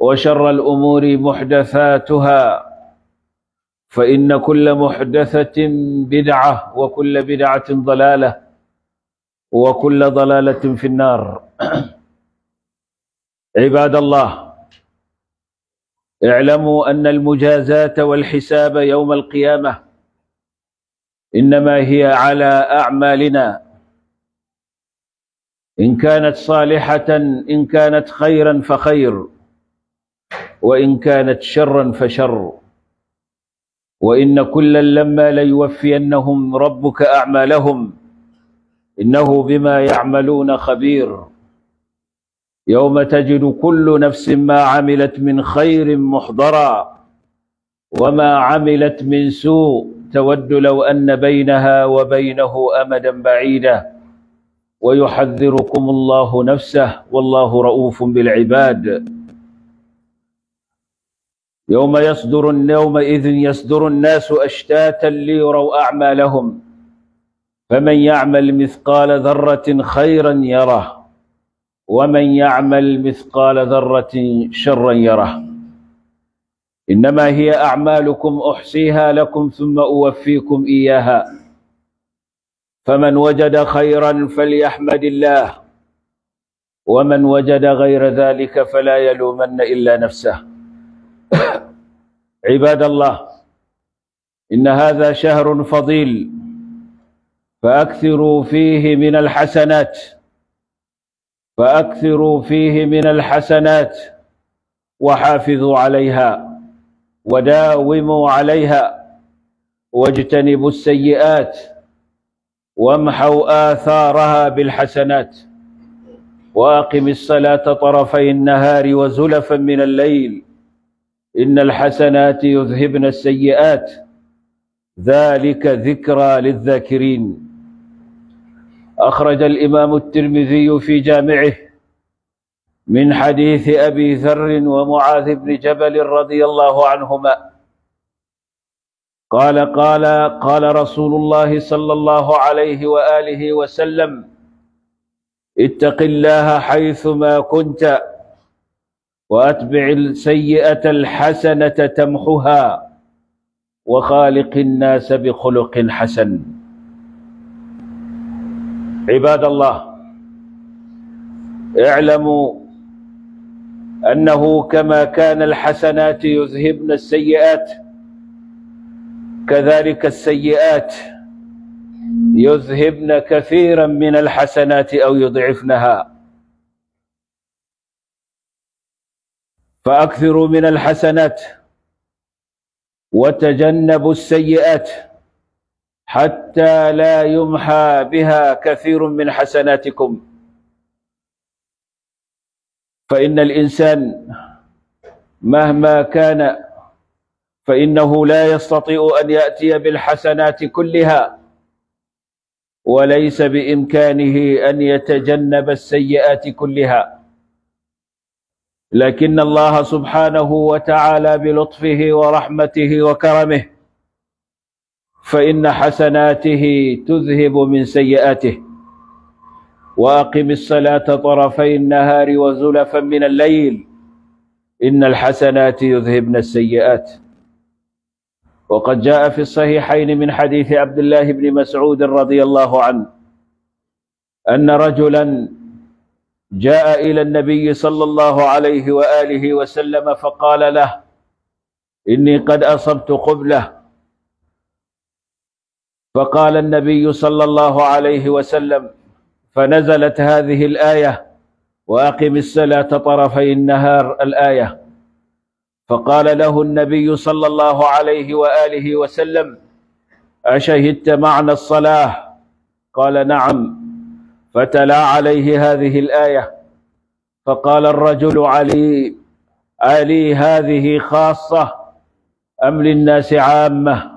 وشر الأمور محدثاتها فإن كل محدثة بدعة وكل بدعة ضلالة وكل ضلالة في النار عباد الله اعلموا أن المجازات والحساب يوم القيامة إنما هي على أعمالنا إن كانت صالحة إن كانت خيرا فخير وإن كانت شرا فشر وإن كلا لما ليوفينهم ربك أعمالهم إنه بما يعملون خبير يوم تجد كل نفس ما عملت من خير محضرا وما عملت من سوء تود لو أن بينها وبينه أمدا بعيدا ويحذركم الله نفسه والله رؤوف بالعباد يوم يصدر يومئذ يصدر الناس أشتاتا ليروا أعمالهم فمن يعمل مثقال ذرة خيرا يره ومن يعمل مثقال ذرة شرا يره إنما هي أعمالكم أحصيها لكم ثم أوفيكم إياها فمن وجد خيرا فليحمد الله ومن وجد غير ذلك فلا يلومن إلا نفسه عباد الله إن هذا شهر فضيل فأكثروا فيه من الحسنات فأكثروا فيه من الحسنات وحافظوا عليها وداوموا عليها واجتنبوا السيئات وامحوا آثارها بالحسنات وأقم الصلاة طرفي النهار وزلفا من الليل إن الحسنات يذهبن السيئات ذلك ذكرى للذاكرين أخرج الإمام الترمذي في جامعه من حديث أبي ذر ومعاذ بن جبل رضي الله عنهما قال قال قال رسول الله صلى الله عليه وآله وسلم اتق الله حيثما كنت واتبع السيئه الحسنه تمحها وخالق الناس بخلق حسن عباد الله اعلموا انه كما كان الحسنات يذهبن السيئات كذلك السيئات يذهبن كثيرا من الحسنات او يضعفنها فأكثروا من الحسنات وتجنبوا السيئات حتى لا يمحى بها كثير من حسناتكم فإن الإنسان مهما كان فإنه لا يستطيع أن يأتي بالحسنات كلها وليس بإمكانه أن يتجنب السيئات كلها لكن الله سبحانه وتعالى بلطفه ورحمته وكرمه فإن حسناته تذهب من سيئاته وأقم الصلاة طرفي النهار وزلفا من الليل إن الحسنات يذهبن السيئات وقد جاء في الصحيحين من حديث عبد الله بن مسعود رضي الله عنه أن رجلاً جاء إلى النبي صلى الله عليه وآله وسلم فقال له إني قد أصبت قبله فقال النبي صلى الله عليه وسلم فنزلت هذه الآية وأقم الصلاة طرفي النهار الآية فقال له النبي صلى الله عليه وآله وسلم أشهدت معنى الصلاة قال نعم فتلا عليه هذه الآية فقال الرجل علي علي هذه خاصة أم للناس عامة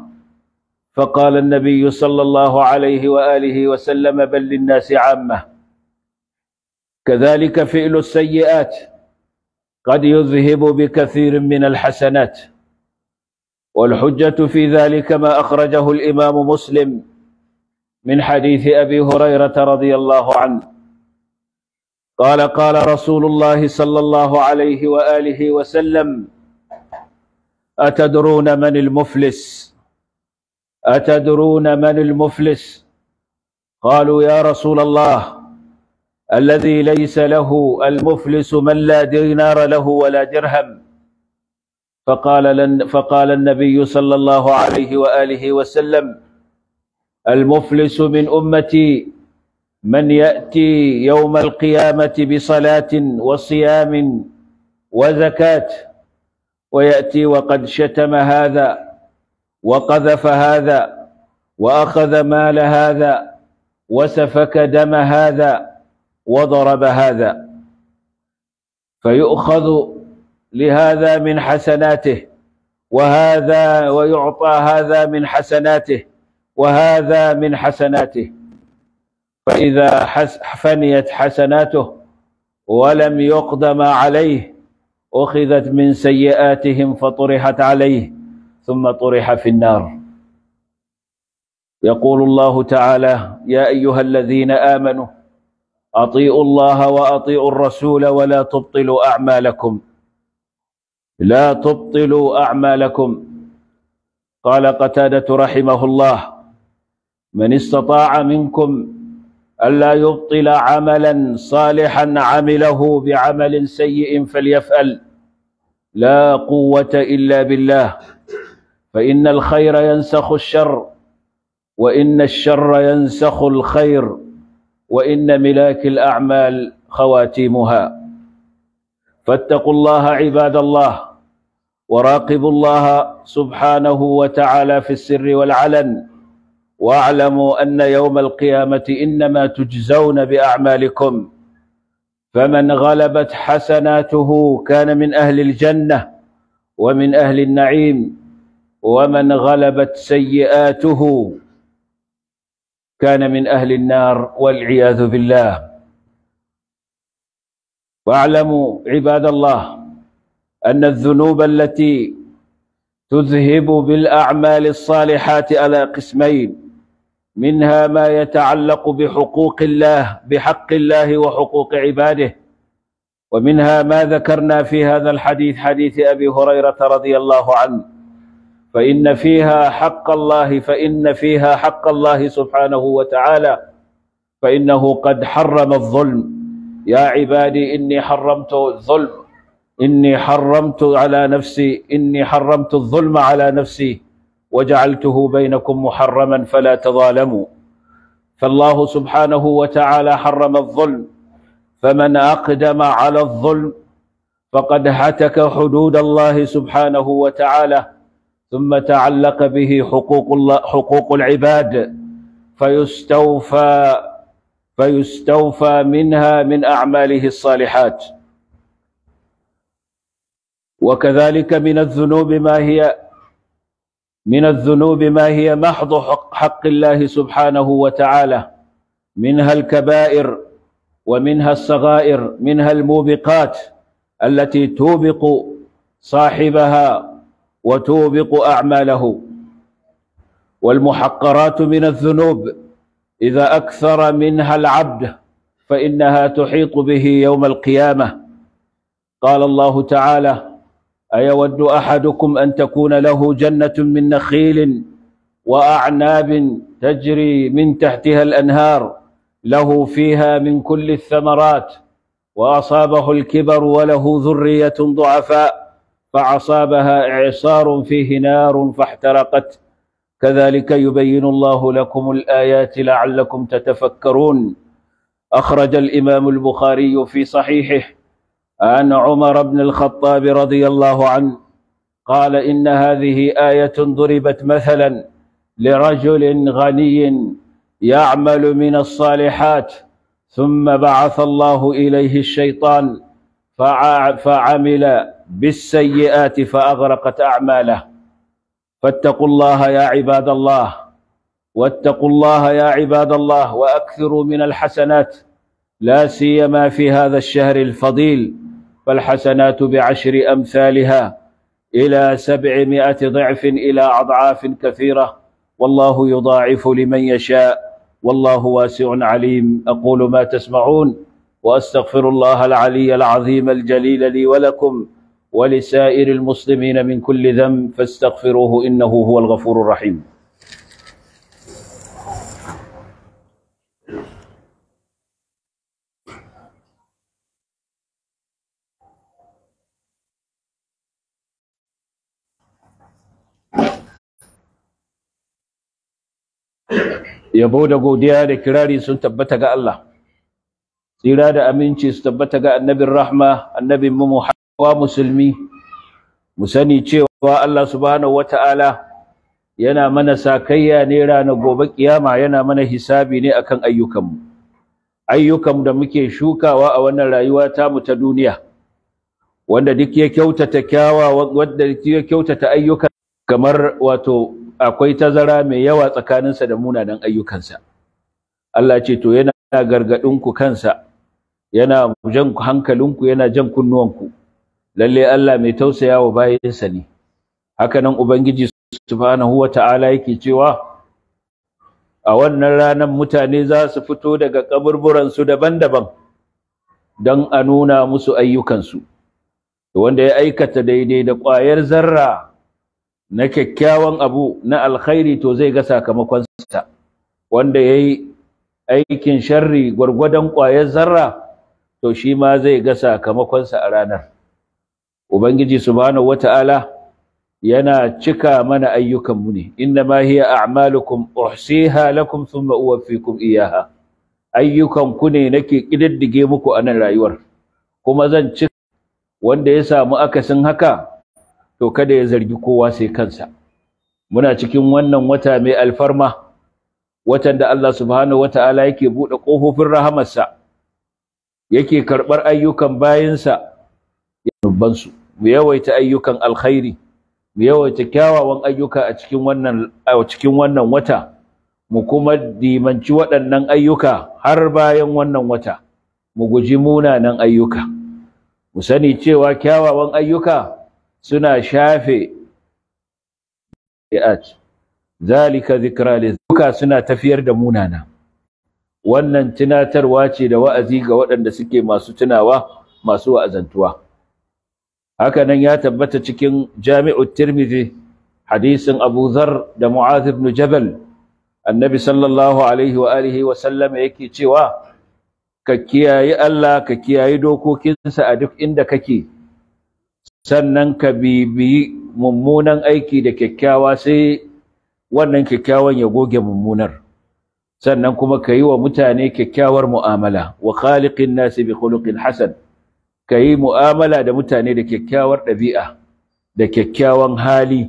فقال النبي صلى الله عليه وآله وسلم بل للناس عامة كذلك فعل السيئات قد يذهب بكثير من الحسنات والحجة في ذلك ما أخرجه الإمام مسلم من حديث أبي هريرة رضي الله عنه قال قال رسول الله صلى الله عليه وآله وسلم أتدرون من المفلس أتدرون من المفلس قالوا يا رسول الله الذي ليس له المفلس من لا دينار له ولا درهم فقال, فقال النبي صلى الله عليه وآله وسلم المفلس من أمتي من يأتي يوم القيامة بصلاة وصيام وزكاة ويأتي وقد شتم هذا وقذف هذا وأخذ مال هذا وسفك دم هذا وضرب هذا فيؤخذ لهذا من حسناته وهذا ويعطى هذا من حسناته وهذا من حسناته فإذا حس فنيت حسناته ولم يقدم عليه أخذت من سيئاتهم فطرحت عليه ثم طرح في النار يقول الله تعالى يا أيها الذين آمنوا أطيعوا الله وأطيعوا الرسول ولا تبطلوا أعمالكم لا تبطلوا أعمالكم قال قتادة رحمه الله من استطاع منكم ألا يبطل عملا صالحا عمله بعمل سيء فليفعل لا قوة إلا بالله فإن الخير ينسخ الشر وإن الشر ينسخ الخير وإن ملاك الأعمال خواتيمها فاتقوا الله عباد الله وراقبوا الله سبحانه وتعالى في السر والعلن واعلموا أن يوم القيامة إنما تجزون بأعمالكم فمن غلبت حسناته كان من أهل الجنة ومن أهل النعيم ومن غلبت سيئاته كان من أهل النار والعياذ بالله واعلموا عباد الله أن الذنوب التي تذهب بالأعمال الصالحات على قسمين منها ما يتعلق بحقوق الله بحق الله وحقوق عباده ومنها ما ذكرنا في هذا الحديث حديث أبي هريرة رضي الله عنه فإن فيها حق الله فإن فيها حق الله سبحانه وتعالى فإنه قد حرم الظلم يا عبادي إني حرمت الظلم إني حرمت على نفسي إني حرمت الظلم على نفسي وجعلته بينكم محرما فلا تظالموا فالله سبحانه وتعالى حرم الظلم فمن أقدم على الظلم فقد هتك حدود الله سبحانه وتعالى ثم تعلق به حقوق, الله حقوق العباد فيستوفى فيستوفى منها من أعماله الصالحات وكذلك من الذنوب ما هي من الذنوب ما هي محض حق الله سبحانه وتعالى منها الكبائر ومنها الصغائر منها الموبقات التي توبق صاحبها وتوبق أعماله والمحقرات من الذنوب إذا أكثر منها العبد فإنها تحيط به يوم القيامة قال الله تعالى أيود أحدكم أن تكون له جنة من نخيل وأعناب تجري من تحتها الأنهار له فيها من كل الثمرات وأصابه الكبر وله ذرية ضعفاء فأصابها إعصار فيه نار فاحترقت كذلك يبين الله لكم الآيات لعلكم تتفكرون أخرج الإمام البخاري في صحيحه عن عمر بن الخطاب رضي الله عنه قال إن هذه آية ضربت مثلا لرجل غني يعمل من الصالحات ثم بعث الله إليه الشيطان فعمل بالسيئات فأغرقت أعماله فاتقوا الله يا عباد الله واتقوا الله يا عباد الله وأكثروا من الحسنات لا سيما في هذا الشهر الفضيل فالحسنات بعشر أمثالها إلى سبعمائة ضعف إلى أضعاف كثيرة والله يضاعف لمن يشاء والله واسع عليم أقول ما تسمعون وأستغفر الله العلي العظيم الجليل لي ولكم ولسائر المسلمين من كل ذنب فاستغفروه إنه هو الغفور الرحيم yabo da godiya da kirari sun tabbata ga Allah tsira da aminci su tabbata ga annabin rahma annabin mu musulmi mu sani cewa Allah subhanahu wata'ala yana mana sakayya ne ranar gobe kiyama yana mana hisabi ne akan ayyukanmu ayyukan da muke shukawa a wannan rayuwa ta mu ta duniya wanda duk ya kyautata kyawawan wanda duk ya kyautata ayyukan kamar wato akwai tazara mai yawa tsakaninsa da munanan ayyukansa Allah ce to yana ku kansa yana jan hankalinku yana jan kunnuwanku lalle Allah mai tausaya wa bayansa ne haka nan ubangiji subhanahu wata'ala yake cewa a wannan ranar mutane za su fito daga kaburburansu daban-daban don a nuna musu ayyukansu wanda ya aikata daidai da ƙwayar zarra na kyakkyawan abu na alkhairi to zai ga sakamakonsa wanda ya yi aikin sharri gwargwadon ƙwayar zarra to shi ma zai ga sakamakonsa a ranar ubangiji subhanahu wata'ala yana cika mana ayyukanmu ne inna ma hiya a'malukum uhsiha lakum thumma uwaffikum iyaha ayyukan ku ne nake kididdige muku a nan rayuwar kuma zan cika wanda ya samu akasin haka to kada ya zargi kowa sai kansa muna cikin wannan wata mai alfarma watan da Allah subhanahu wata'ala yake buɗe ƙofofin rahamarsa yake karbar ayyukan bayinsa su mu yawaita ayyukan alkhairi mu yawaita kyawawan ayyuka a cikin wannan a cikin wannan wata mu kuma dimanci waɗannan ayyuka har bayan wannan wata mu guji munanan ayyuka mu sani cewa kyawawan ayyuka suna shafe bi'at zalika zikra lizuka suna tafiyar da munana wannan tunatarwa ce da wa'azi ga waɗanda suke masu tunawa masu wa'azantuwa haka nan ya tabbata cikin jami'ut tirmidhi hadisin abu zar da mu'adh ibn jabal annabi sallallahu alaihi wa alihi wa sallam yake cewa ka kiyaye Allah ka kiyayi dokokinsa a duk inda kake sannan ka bibiyi mummunan aiki da kyakkyawa sai wannan kyakkyawan ya goge mummunar sannan kuma ka yi wa mutane kyakkyawar mu'amala wa khaliqin nasi bi khuluqin hasan ka yi mu'amala da mutane da kyakkyawar ɗabi'a da kyakkyawan hali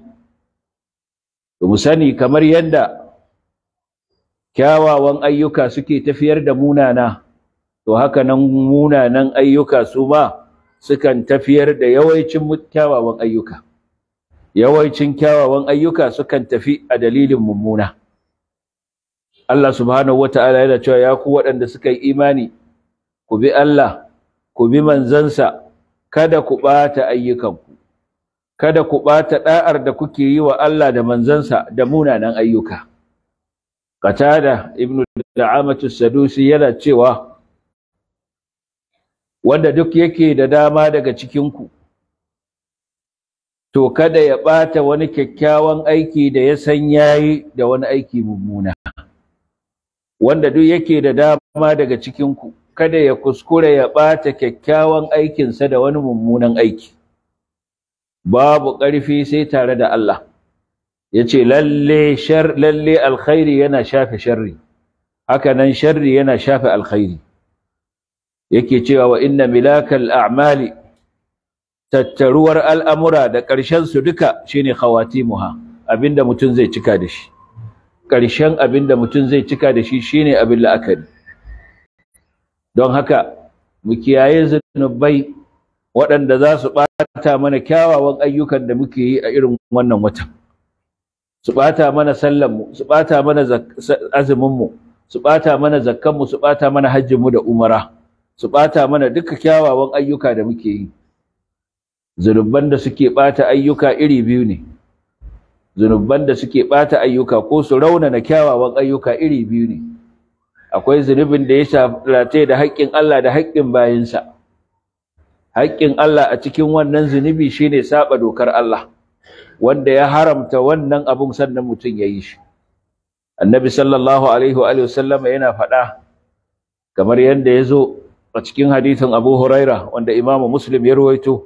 mu sani kamar yadda kyawawan ayyuka suke tafiyar da munana to haka nan munanan ayyuka su ma sukan tafiyar da yawancin kyawawan ayyuka yawancin kyawawan ayyuka sukan tafi a dalilin mummuna Allah subhanahu wata'ala yana cewa ya ku waɗanda suka yi imani ku bi Allah ku bi manzansa kada ku ɓata ku, kada ku ɓata ɗa'ar da kuke yi wa Allah da manzansa da munanan ayyuka qatada ibnu da'amatu sadusi yana cewa wanda duk yake da dama daga cikinku to kada ya ɓata wani kyakkyawan aiki da ya san yayi da wani aiki mummuna wanda duk yake da dama daga cikinku kada ya kuskure ya ɓata kyakkyawan aikinsa da wani mummunan aiki babu ƙarfi sai tare da Allah ya ce lalle alkhairi yana shafe sharri haka nan sharri yana shafe alkhairi yake cewa wa inna milakal a'mali tattaruwar al'amura da ƙarshen su duka shine khawatimuha abinda mutun zai cika da shi ƙarshen abinda mutum zai cika da shi shine abin la'akari don haka mu kiyaye zunubai waɗanda za su ɓata mana kyawawan ayyukan da muke yi a irin wannan watan su ɓata mana sallanmu su ɓata mana azuminmu su ɓata mana zakkanmu su ɓata mana hajjinmu da umara su ɓata mana duka kyawawan ayyuka da muke yi zunubban da suke ɓata ayyuka iri biyu ne zunubban da suke ɓata ayyuka ko su raunana kyawawan ayyuka iri biyu ne akwai zunubin da ya shafe da haƙƙin Allah da haƙƙin bayinsa haƙƙin Allah a cikin wannan zunubi shine saba dokar Allah wanda ya haramta wannan abun sannan mutum ya yi shi annabi sallallahu alaihi wa sallama yana faɗa kamar yadda ya zo a cikin hadithin Abu Huraira wanda Imam Muslim ya rawaito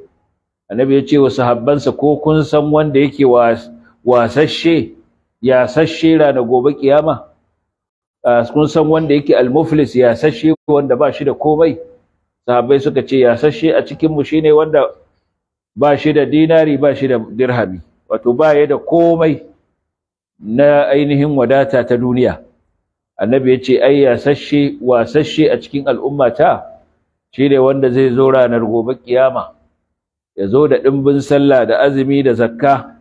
annabi ya ce wa sahabbansa ko kun san wanda yake wasashe ya sashe ranar gobe kiyama kun san wanda yake al ya sashe wanda ba shi da komai sahabbai suka ce ya sashe a cikin mu shine wanda ba shi da dinari ba shi da dirhami wato ba ya da komai na ainihin wadata ta duniya annabi ya ce ai ya sashe wasashe a cikin al'ummata Shi shine wanda zai zo ranar gobe kiyama ya zo da ɗimbin sallah da azumi da zakka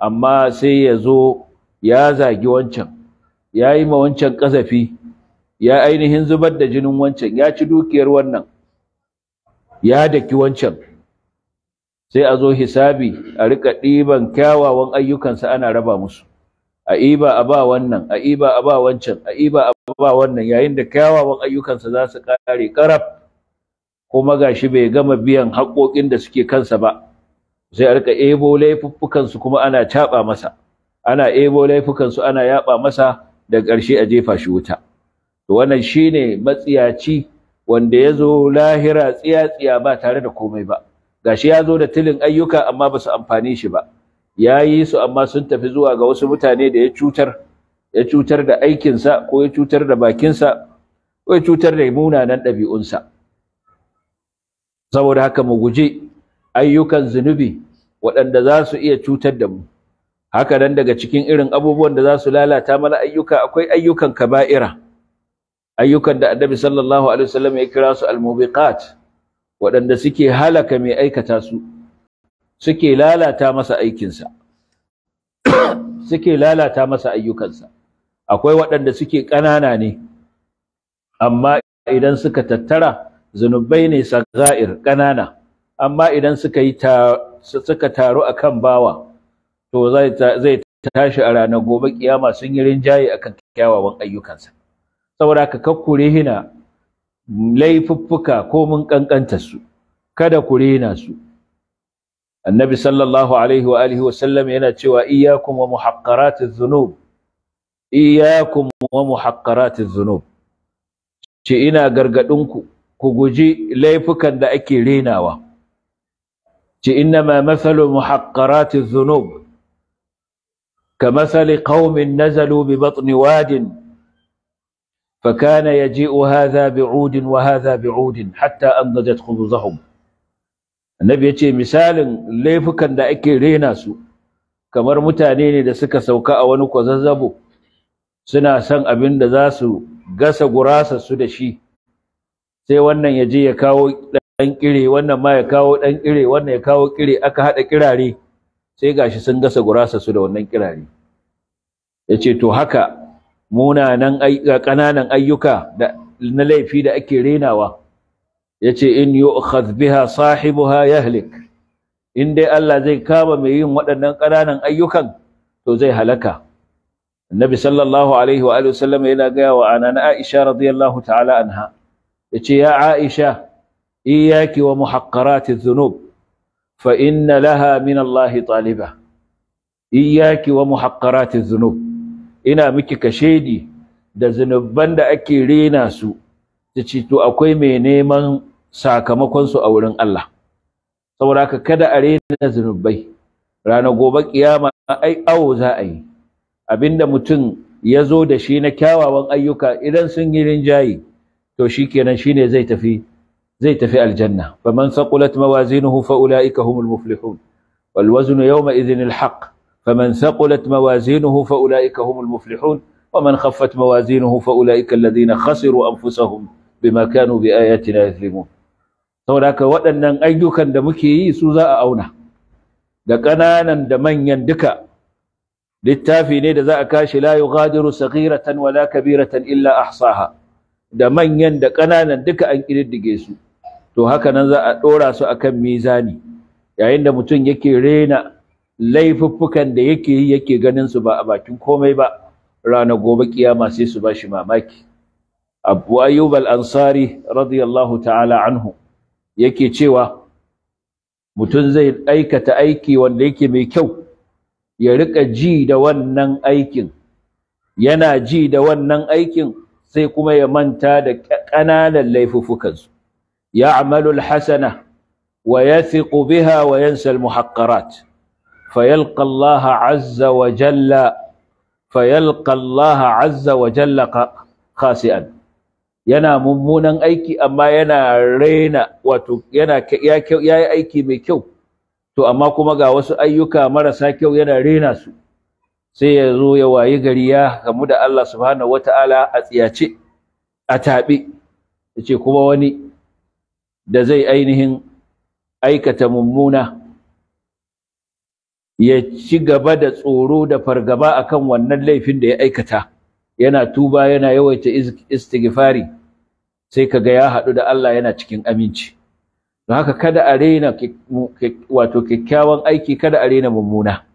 amma sai ya zo ya zagi wancan ya yi ma wancan ƙazafi ya ainihin zubar da jinin wancan ya ci dukiyar wannan ya daki wancan sai a zo hisabi a riƙa ɗiban kyawawan ayyukansa ana raba musu a iba a ba wannan a iba a ba wancan a iba a ba wannan yayin da kyawawan ayyukansa za su ƙare ƙaraf kuma gashi bai gama biyan haƙoƙin da suke kansa ba sai a rika ebo laifuffukansu kuma ana caɓa masa ana ebo laifukan su ana yaɓa masa da ƙarshe a jefa shi wuta to wannan shine matsiyaci wanda ya zo lahira tsiya-tsiya ba tare da komai ba gashi ya zo da tilin ayyuka amma ba su amfani shi ba ya yi su amma sun tafi zuwa ga wasu mutane da ya cutar ya cutar da aikinsa ko ya cutar da bakinsa ko ya cutar da munanan ɗabi'unsa saboda haka mu guji ayyukan zunubi waɗanda za su iya cutar da mu haka nan daga cikin irin abubuwan da za su lalata mana ayyuka akwai ayyukan kaba'ira ayyukan da annabi sallallahu alaihi wasallam ya kira su almubiqat waɗanda suke halaka mai aikata su suke lalata masa aikinsa suke lalata masa ayyukansa akwai waɗanda suke ƙanana ne amma idan suka tattara zunubai ne sagair ƙanana amma idan suka yi suka taru akan bawa to zai tashi a ranar gobe kiyama sun yi rinjaye akan kyawawan ayyukansa saboda ka kakkure hina laifuffuka ko mun kankanta su kada ku rena su annabi sallallahu alaihi wa alihi wa sallam yana cewa iyyakum wa muhaqqaratiz zunub iyyakum wa muhaqqaratiz zunub ce ina gargadin ku ku guji laifukan da ake rainawa. ce ina ma matsalo muhakkaratun zunub, ka matsali ƙaumin nazalu bi batni wadin, fa ya ji uha zaɓi udin wa ha zaɓi hatta an gajat kuzu zahun. ya ce misalin laifukan da ake raina su, kamar mutane ne da suka sauka a wani kwazazzabo, suna son abin da za su gasa gurasa su da shi. sai wannan ya je ya kawo ɗan ƙire wannan ma ya kawo ɗan ƙire wannan ya kawo ƙire aka haɗa ƙirare sai gashi sun gasa gurasa su da wannan ƙirare ya ce to haka munanan ƙananan ayyuka na laifi da ake renawa ya ce in yu'khadh biha sahibuha yahlik in dai Allah zai kama mai yin waɗannan ƙananan ayyukan to zai halaka annabi sallallahu alaihi wa alihi yana gaya wa anana aisha radiyallahu ta'ala anha yace ya Aisha iyaki wa muhaqqarati dhunub fa inna laha min Allah taliba iyaki wa muhaqqarati dhunub ina miki kashedi da zunuban da ake rena su tace to akwai mai neman sakamakon su a wurin Allah saboda ka kada a rena zunubai ranar gobe kiyama ai awo za a yi abinda mutum ya zo da shi na kyawawan ayyuka idan sun yi rinjaye to shikenan shine zai tafi zai tafi aljanna faman thaqulat mawazinuhu fa ulaika humul muflihun wal waznu yawma idhin al haqq faman thaqulat mawazinuhu fa ulaika humul muflihun ومن خفت موازينه فأولئك الذين خسروا أنفسهم بما كانوا بآياتنا يظلمون saboda waɗannan ayyukan da muke yi su za a auna da ƙananan da manyan duka littafi ne da za a kashi la yughadiru saghiratan wala kabiratan illa ahsaha da manyan da ƙananan duka an ƙididdige su to haka nan za a ɗora su akan mizani yayin da mutum yake rena laifuffukan da yake yi yake ganin su ba a bakin komai ba rana gobe kiyama sai su bashi mamaki abu ayyub al-ansari radiyallahu ta'ala anhu yake cewa mutum zai aikata aiki wanda yake mai kyau ya rika ji da wannan aikin yana ji da wannan aikin sai kuma ya manta da ƙananan laifuffukansu ya'malu hasana wa yathiqu biha wa yansa almuhaqqarat fayalqa Allah azza wa jalla fayalqa Allah azza wa jalla khasi'an yana mummunan aiki amma yana raina wato yana ya aiki mai kyau to amma kuma ga wasu ayyuka marasa kyau yana raina su sai ya zo ya wayi gari ya gamu da Allah subhanahu wata'ala a tsiyace a taɓe yace kuma wani da zai ainihin aikata mummuna ya ci gaba da tsoro da fargaba akan wannan laifin da ya aikata yana tuba yana yawaita istighfari sai kaga ya haɗu da Allah yana cikin aminci don haka kada a rena wato kyakkyawan aiki kada a rena mummuna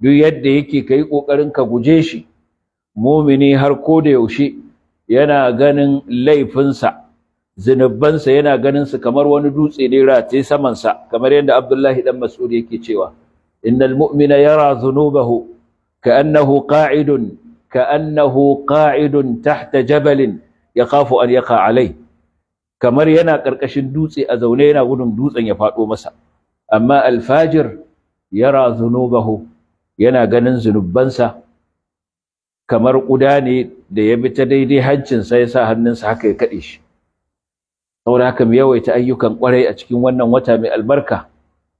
duk yadda yake kai kokarin ka guje shi mumini har ko da yaushe yana ganin laifinsa zinubansa yana ganin su kamar wani dutse ne rataye saman sa kamar yadda Abdullahi dan Mas'ud yake cewa innal mu'mina yara dhunubahu ka'annahu qa'idun ka'annahu qa'idun tahta jabalin yakhafu an yaqa alai, kamar yana ƙarƙashin dutse a zaune yana gudun dutsen ya faɗo masa amma alfajir yara zunubahu yana ganin zunubansa kamar ƙuda ne da ya bi ta daidai hancinsa ya sa hannunsa haka ya kaɗe shi saboda haka mu yawaita ayyukan ƙwarai a cikin wannan wata mai albarka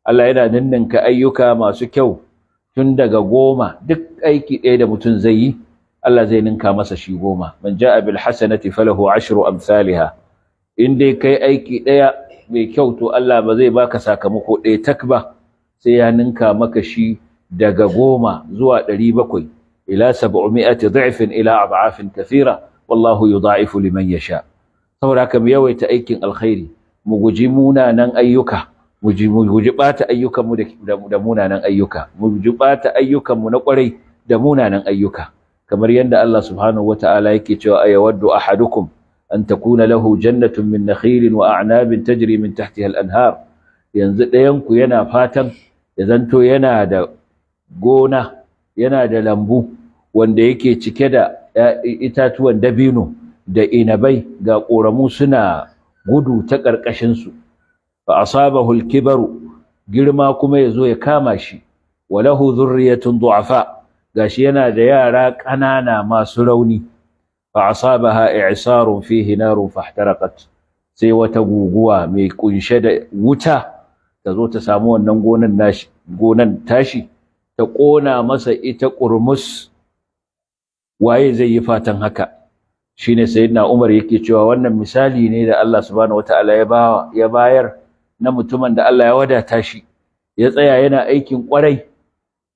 Allah yana ninninka ayyuka masu kyau tun daga goma duk aiki ɗaya da mutum zai yi Allah zai ninka masa shi goma man ja'a bil hasanati falahu ashru amsalha in dai kai aiki ɗaya mai kyau to Allah ba zai baka sakamako ɗaya tak ba sai ya ninka maka shi daga goma zuwa ɗari bakwai ila sab'umi'ati dha'fin ila ad'afin kathira wallahu da'ifu liman yasha saboda haka mu yawaita aikin alkhairi mu guji munanan ayyuka mu guji bata ayyukan mu da munanan ayyuka mu guji bata ayyukan mu na kwarai da munanan ayyuka kamar yadda Allah subhanahu wata'ala yake cewa ayawaddu ahadukum an takuna lahu jannatun min nakhilin wa a'nabin tajri min tahtiha al-anhar yanzu dayan ku yana fatan ya zanto yana da gona yana da lambu wanda yake cike da itatuwan dabino da inabai ga ƙoramu suna gudu ta ƙarƙashinsu fa asabahu al-kibaru girma kuma ya zo ya kama shi walahu zurriyatun du'afa gashi yana da yara ƙanana masu rauni fa asabaha i'sarun fihi narun fahtaraqat sai wata guguwa mai kunshe da wuta ta zo ta samu wannan gonan nashi gonan tashi ta ƙona masa ita ƙurmus waye zai yi fatan haka shine sayyidina Umar yake cewa wannan misali ne da Allah subhanahu wataala ya ya bayar na mutumin da Allah ya wadata shi ya tsaya yana aikin kwarai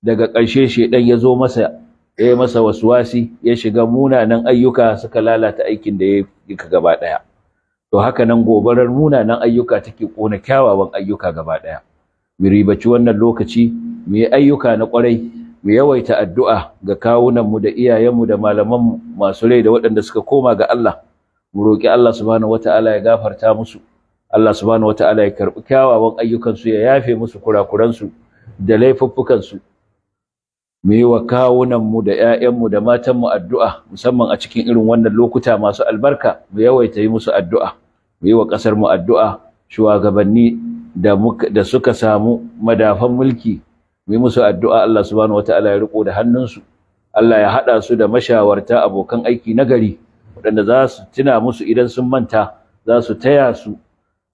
daga ƙarshe shedan ya zo masa ya yi masa waswasi ya shiga munanan ayyuka suka lalata aikin da ya yi gaba daya to haka nan gobarar munanan ayyuka take kona kyawawan ayyuka gaba daya mu ribaci wannan lokaci mu yi ayyuka na kwarai mu yawaita addu'a ga kawunanmu da iyayenmu da malamanmu masu rai da waɗanda suka koma ga Allah mu roƙi Allah subhanahu wata'ala ya gafarta musu Allah subhanahu wata'ala ya karɓi kyawawan ayyukansu ya yafe musu kurakuransu da laifuffukansu mu yi wa kawunanmu da ‘ya'yanmu da matanmu addu'a musamman a cikin irin wannan lokuta masu albarka mu yawaita yi musu addu'a mu yi wa ƙasarmu addu'a shugabanni da suka samu madafan mulki mu musu addu'a Allah subhanahu wataala ya riko da hannunsu Allah ya hada su da mashawarta abokan aiki nagari waɗanda za su tuna musu idan sun manta za su taya su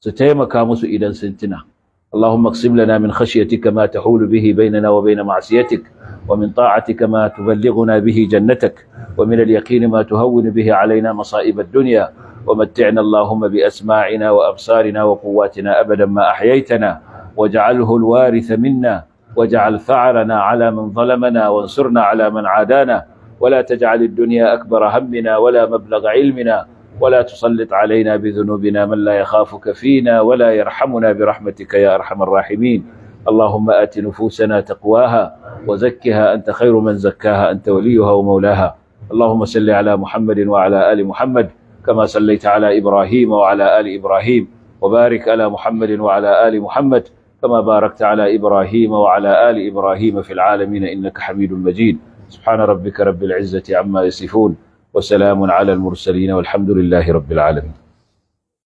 su taimaka musu idan sun tuna اللهم اقسم لنا من خشيتك ما تحول به بيننا وبين معصيتك ومن طاعتك ما تبلغنا به جنتك ومن اليقين ما تهون به علينا مصائب الدنيا ومتعنا اللهم بأسماعنا وأبصارنا وقواتنا أبدا ما أحييتنا واجعله الوارث منا واجعل ثعرنا على من ظلمنا وانصرنا على من عادانا ولا تجعل الدنيا أكبر همنا ولا مبلغ علمنا ولا تسلط علينا بذنوبنا من لا يخافك فينا ولا يرحمنا برحمتك يا أرحم الراحمين اللهم آت نفوسنا تقواها وزكها أنت خير من زكاها أنت وليها ومولاها اللهم صل على محمد وعلى آل محمد كما صليت على إبراهيم وعلى آل إبراهيم وبارك على محمد وعلى آل محمد كما باركت على إبراهيم وعلى آل إبراهيم في العالمين إنك حميد مجيد سبحان ربك رب العزة عما يصفون وسلام على المرسلين والحمد لله رب العالمين